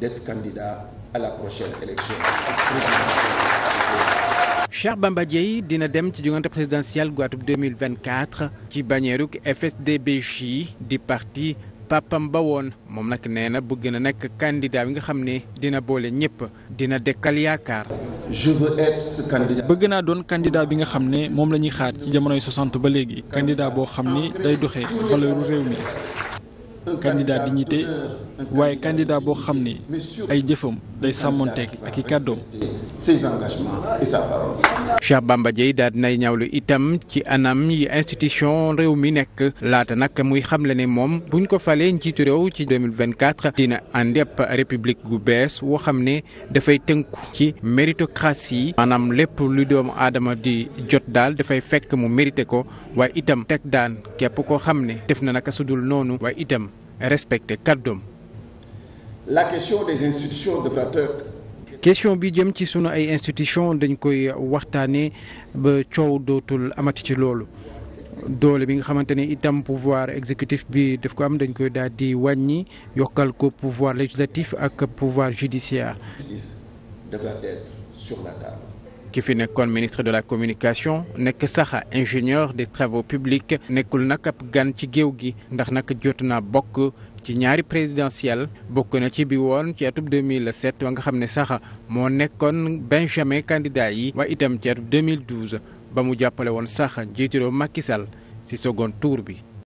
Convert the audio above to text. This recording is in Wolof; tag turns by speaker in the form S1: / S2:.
S1: d'être candidat
S2: à Bamba Dièye dina dem ci jongante présidentielle gu atum 2024 ci bañeeruk FSD/BJ di parti papam ba woon moom nag nee na bëgg na nekk candidat bi nga xam ne dina boole ñëpp dina dekkal yaakaar.
S1: bëgg naa doon candidat bi nga xam ne moom la ñuy xaar ci jamonoy ba léegi. candidat boo xam ne day doxee valeur réew mi. candidat dignité waaye candidat boo xam ne ay jëfam day sàmmonteeg ak i kàddoom. ses engagements
S2: et sa parole. Bamba Dièye daal dinay itam ci anam yi institution réew mi nekk laata nag muy xamle ne moom buñ ko falee njiitu réew ci 2024 dina àndepp république gu bees woo xam ne dafay tënku ci méritocratie anam lépp lu doomu aadama di jot daal dafay fekk mu mérité ko waaye itam teg daan képp koo xam ne def na naka sudul noonu waaye itam respecté kàddoom. la question bi jëm ci sunu ay institution dañ koy waxtaanee ba coow dootul amati ci loolu doole bi nga xamante ne itam pouvoir exécutif bi daf ko am dañ koy daal di wàññi yokkal ko pouvoir législatif ak pouvoir judiciaire
S1: devra être
S2: ki fi nekkoon ministre de la communication nekk saxa ingénieur des travaux publics nekkul nag ab gan ci géew gi ndax nag jot naa bokk ci ñaari présidentielle bokk na ci bi woon ci atub 2007 wa nga xam ne sax moo nekkoon benjamin candidat yi waaye itam ci atub 2012 ba mu jàppale woon saxa njiitu réew ci second tour bi